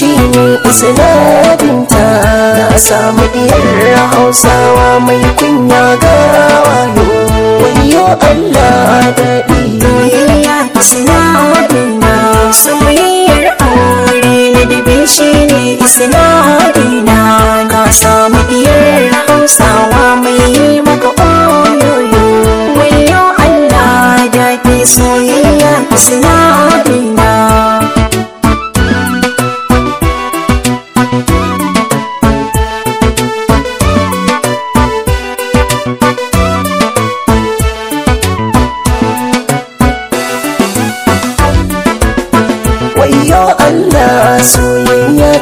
shine isnadinta na samu diyar hausawa mai kunya ga wayo wayo Allah daɗi soyayya isnadina soyayyar aure na dabe shine isnadina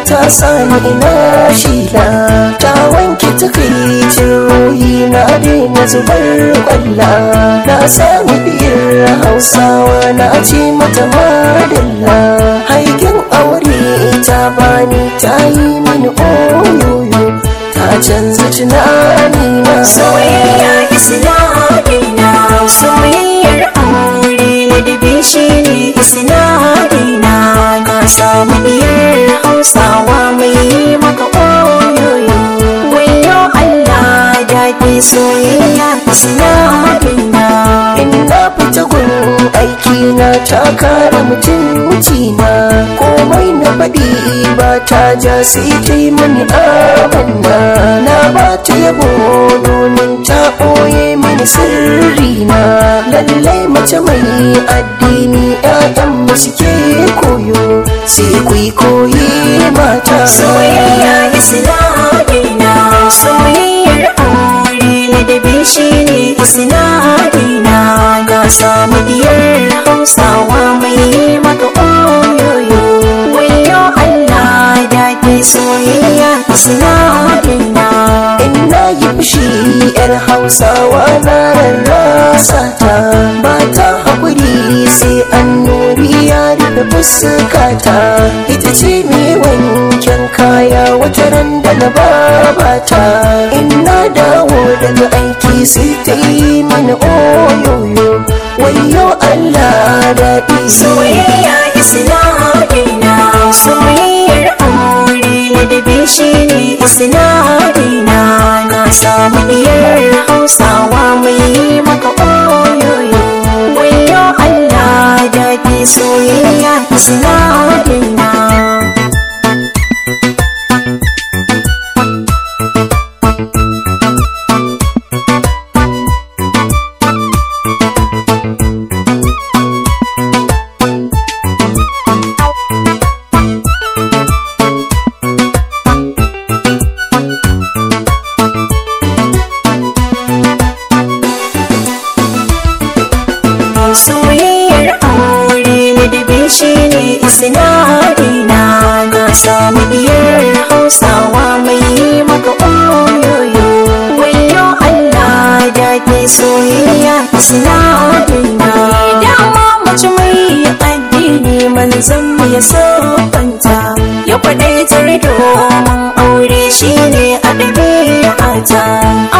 ta sani ina shila ta wanke takaicin ruhi na daina zubar kwalla na sami biyar hausawa na ce mata madalla haikin aure ta bani ta yi mini oyoyo ta canza tunani na soyayya islamina soyayyar aure na dabe shi ne daɗi soyayya suna abinda in na fita gurin aiki na ta kara mutunci na komai na faɗi ba ta ja sai ta yi mani abanna na ba ta yabo domin ta ɓoye mini sirrina. na lallai mace mai addini ƴaƴan mu suke koyo sai ku koyi mata soyayya islam amshi yar hausawa na rarrasa ta Mata hakuri haƙuri sai annori ya rufe fuskata ita ce mai wankin kaya wata ran da na babata in na dawo daga aiki sai ta yi mana oyoyo wayo Allah daɗi soyayya islamin na soyayyar na ne Mu biyar Hausawa. sinadari na na samu hausawa mai yi maka oyoyo wayo Allah da ke soyayya sinadari na dama mace mai addini manzan mu ya so kanta ya kwadaitar domin aure shine a ɗabi'ata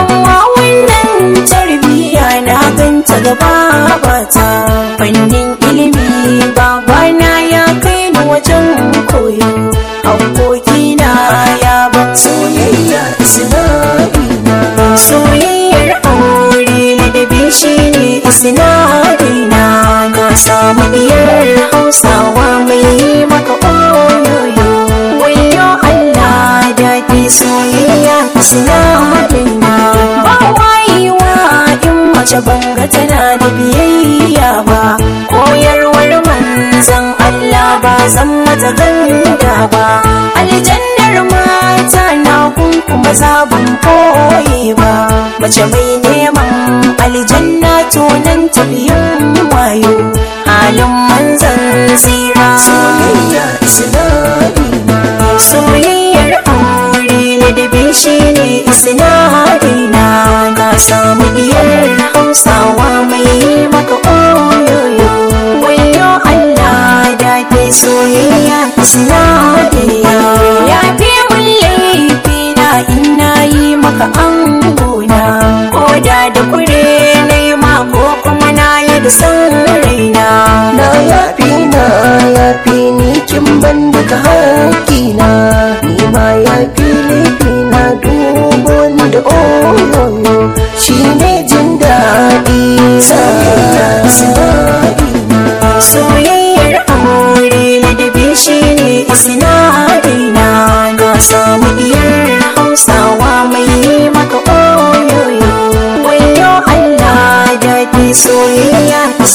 amma wannan tarbiyya na ganta gaba bata fanni suna mutunya ba wayewa in mace banga tana da biyayya ba koyarwar manzan Allah ba zan mata ganda ba aljannar mata na kuma sabon koye ba mace mai neman aljanna to nan tafiyan sinadina na samu biyar hausawa mai maka oyoyo wayo Allah da ke soyayya islam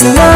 Love.